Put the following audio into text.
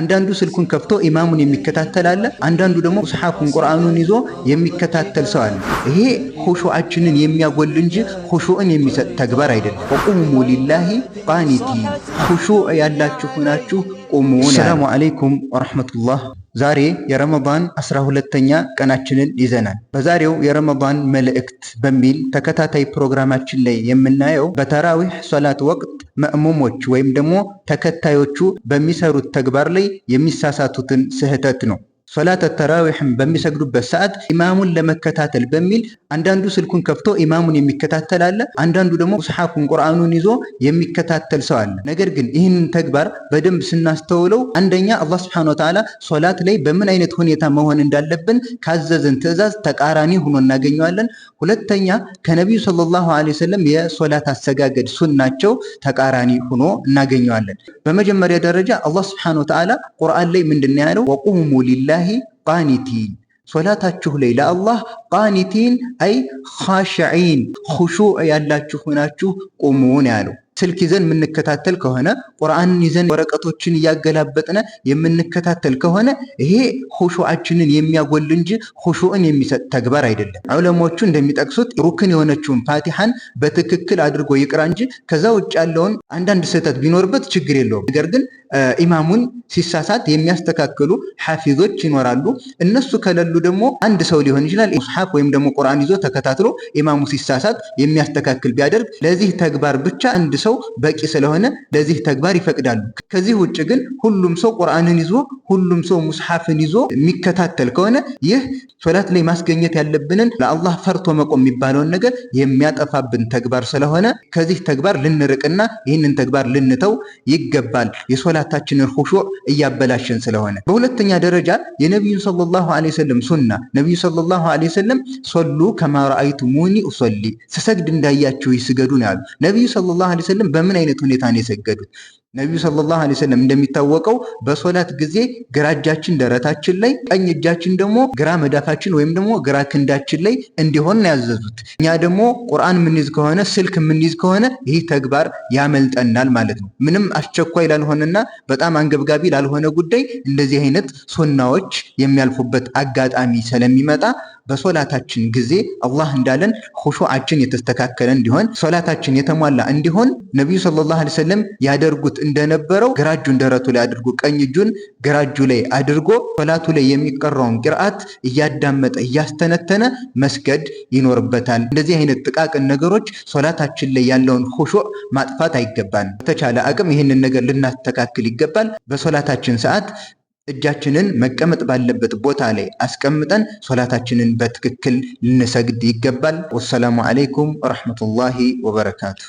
አንዳንዱ ስልኩን ከፍቶ ኢማሙን የሚከታተል አለ። አንዳንዱ ደግሞ ስሓኩን ቁርአኑን ይዞ የሚከታተል ሰው አለ። ይሄ ሆሾአችንን የሚያጎል እንጂ ሆሾእን የሚሰጥ ተግባር አይደለም። ወቁሙ ሊላሂ ቃኒቲ ሆሾእ ያላችሁ ናችሁ ቁሙ። ሰላሙ አለይኩም ወረሕመቱላህ። ዛሬ የረመዳን 12ተኛ ቀናችንን ይዘናል። በዛሬው የረመዳን መልእክት በሚል ተከታታይ ፕሮግራማችን ላይ የምናየው በተራዊህ ሶላት ወቅት መእሙሞች ወይም ደግሞ ተከታዮቹ በሚሰሩት ተግባር ላይ የሚሳሳቱትን ስህተት ነው። ሶላት ተራዊሕም በሚሰግዱበት ሰዓት ኢማሙን ለመከታተል በሚል አንዳንዱ ስልኩን ከፍቶ ኢማሙን የሚከታተል አለ። አንዳንዱ ደግሞ ስሓፉን ቁርአኑን ይዞ የሚከታተል ሰው አለ። ነገር ግን ይህንን ተግባር በደንብ ስናስተውለው አንደኛ አላህ ስብሐነሁ ወተዓላ ሶላት ላይ በምን አይነት ሁኔታ መሆን እንዳለብን ካዘዘን ትዕዛዝ ተቃራኒ ሆኖ እናገኘዋለን። ሁለተኛ ከነቢዩ ሰለላሁ ዐለይሂ ወሰለም የሶላት አሰጋገድ ሱናቸው ተቃራኒ ሆኖ እናገኘዋለን። በመጀመሪያ ደረጃ አላህ ስብሐነሁ ወተዓላ ቁርአን ላይ ምንድን ያለው ወቁሙ ሊላ لله قانتين صلاتاتشوه لا الله ቃኒቲን አይ ኻሽዒን ሁሹዕ ያላችሁ ሆናችሁ ቁሙ ያለው። ስልክ ይዘን የምንከታተል ከሆነ ቁርአንን ይዘን ወረቀቶችን እያገላበጥነ የምንከታተል ከሆነ ይሄ ሁሹዓችንን የሚያጎል እንጂ ሁሹዕን የሚሰጥ ተግባር አይደለም። ዑለሞቹ እንደሚጠቅሱት ሩክን የሆነችውን ፋቲሐን በትክክል አድርጎ ይቅራ እንጂ ከዛ ውጭ ያለውን አንዳንድ ስህተት ቢኖርበት ችግር የለውም። ነገር ግን ኢማሙን ሲሳሳት የሚያስተካክሉ ሐፊዞች ይኖራሉ። እነሱ ከሌሉ ደግሞ አንድ ሰው ሊሆን ይችላል መጽሐፍ ወይም ደግሞ ቁርአን ይዞ ተከታትሎ ኢማሙ ሲሳሳት የሚያስተካክል ቢያደርግ ለዚህ ተግባር ብቻ አንድ ሰው በቂ ስለሆነ ለዚህ ተግባር ይፈቅዳሉ። ከዚህ ውጭ ግን ሁሉም ሰው ቁርአንን ይዞ ሁሉም ሰው ሙስሐፍን ይዞ የሚከታተል ከሆነ ይህ ሶላት ላይ ማስገኘት ያለብንን ለአላህ ፈርቶ መቆም የሚባለውን ነገር የሚያጠፋብን ተግባር ስለሆነ ከዚህ ተግባር ልንርቅና ይህንን ተግባር ልንተው ይገባል። የሶላታችንን ሁሹዕ እያበላሽን ስለሆነ። በሁለተኛ ደረጃ የነቢዩን ሰለላሁ ዐለይሂ ወሰለም ሱና ነቢዩ ሰለላሁ ዐለይሂ ወሰለም ወሰለም ሶሉ ከማረአይቱሙኒ ሶሊ ስሰግድ እንዳያችሁ ይስገዱ ነው ያሉ። ነቢዩ ሰለላሁ ዐለይሂ ወሰለም በምን አይነት ሁኔታ ነው የሰገዱት? ነቢዩ ሰለላሁ ዐለይሂ ወሰለም እንደሚታወቀው በሶላት ጊዜ ግራ እጃችን ደረታችን ላይ ቀኝ እጃችን ደግሞ ግራ መዳፋችን ወይም ደግሞ ግራ ክንዳችን ላይ እንዲሆን ያዘዙት። እኛ ደግሞ ቁርአን የምንይዝ ከሆነ ስልክ የምንይዝ ከሆነ ይህ ተግባር ያመልጠናል ማለት ነው። ምንም አስቸኳይ ላልሆነና በጣም አንገብጋቢ ላልሆነ ጉዳይ እንደዚህ አይነት ሱናዎች የሚያልፉበት አጋጣሚ ስለሚመጣ በሶላታችን ጊዜ አላህ እንዳለን ሁሹዓችን የተስተካከለ እንዲሆን ሶላታችን የተሟላ እንዲሆን ነቢዩ ሰለላሁ ዐለይሂ ወሰለም ያደርጉት እንደነበረው ግራ እጁን ደረቱ ላይ አድርጎ ቀኝ እጁን ግራ እጁ ላይ አድርጎ ሶላቱ ላይ የሚቀራውን ቅርአት እያዳመጠ እያስተነተነ መስገድ ይኖርበታል። እንደዚህ አይነት ጥቃቅን ነገሮች ሶላታችን ላይ ያለውን ሆሾዕ ማጥፋት አይገባን። በተቻለ አቅም ይህንን ነገር ልናስተካክል ይገባል። በሶላታችን ሰዓት እጃችንን መቀመጥ ባለበት ቦታ ላይ አስቀምጠን ሶላታችንን በትክክል ልንሰግድ ይገባል። ወሰላሙ አለይኩም ወረሕመቱላሂ ወበረካቱ።